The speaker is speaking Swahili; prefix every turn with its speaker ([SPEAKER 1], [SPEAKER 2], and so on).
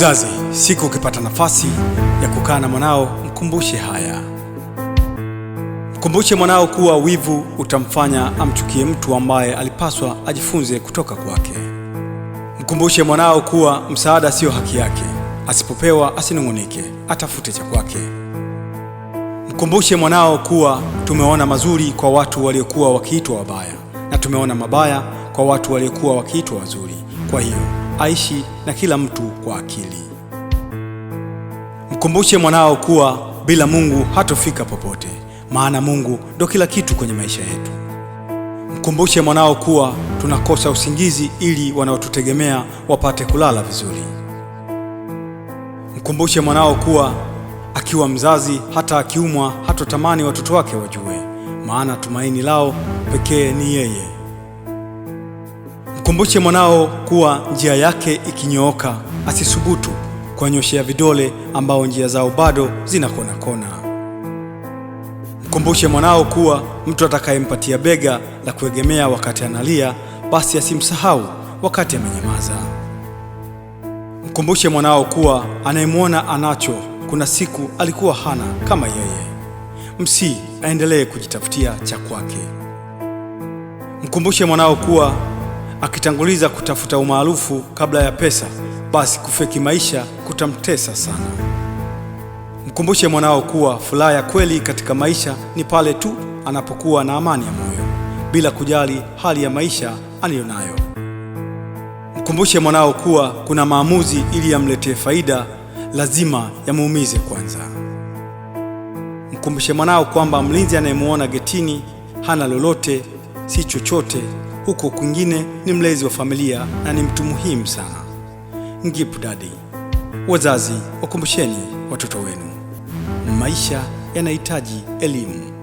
[SPEAKER 1] Mzazi, siku ukipata nafasi ya kukaa na mwanao, mkumbushe haya. Mkumbushe mwanao kuwa wivu utamfanya amchukie mtu ambaye alipaswa ajifunze kutoka kwake. Mkumbushe mwanao kuwa msaada siyo haki yake, asipopewa asinung'unike, atafute cha kwake. Mkumbushe mwanao kuwa tumeona mazuri kwa watu waliokuwa wakiitwa wabaya na tumeona mabaya kwa watu waliokuwa wakiitwa wazuri. Kwa hiyo aishi na kila mtu kwa akili. Mkumbushe mwanao kuwa bila Mungu hatofika popote, maana Mungu ndo kila kitu kwenye maisha yetu. Mkumbushe mwanao kuwa tunakosa usingizi ili wanaotutegemea wapate kulala vizuri. Mkumbushe mwanao kuwa akiwa mzazi, hata akiumwa, hatotamani watoto wake wajue, maana tumaini lao pekee ni yeye. Mkumbushe mwanao kuwa njia yake ikinyooka, asisubutu kuwanyoshea vidole ambao njia zao bado zinakona kona. Mkumbushe mwanao kuwa mtu atakayempatia bega la kuegemea wakati analia, basi asimsahau wakati amenyamaza. Mkumbushe mwanao kuwa anayemwona anacho, kuna siku alikuwa hana kama yeye, msi aendelee kujitafutia cha kwake. Mkumbushe mwanao kuwa akitanguliza kutafuta umaarufu kabla ya pesa, basi kufeki maisha kutamtesa sana. Mkumbushe mwanao kuwa furaha ya kweli katika maisha ni pale tu anapokuwa na amani ya moyo bila kujali hali ya maisha aliyonayo. Mkumbushe mwanao kuwa kuna maamuzi ili yamletee faida, lazima yamuumize kwanza. Mkumbushe mwanao kwamba mlinzi anayemwona getini hana lolote, si chochote huko kwingine ni mlezi wa familia na ni mtu muhimu sana. Ngipu dadi, wazazi wakumbusheni watoto wenu, maisha yanahitaji elimu.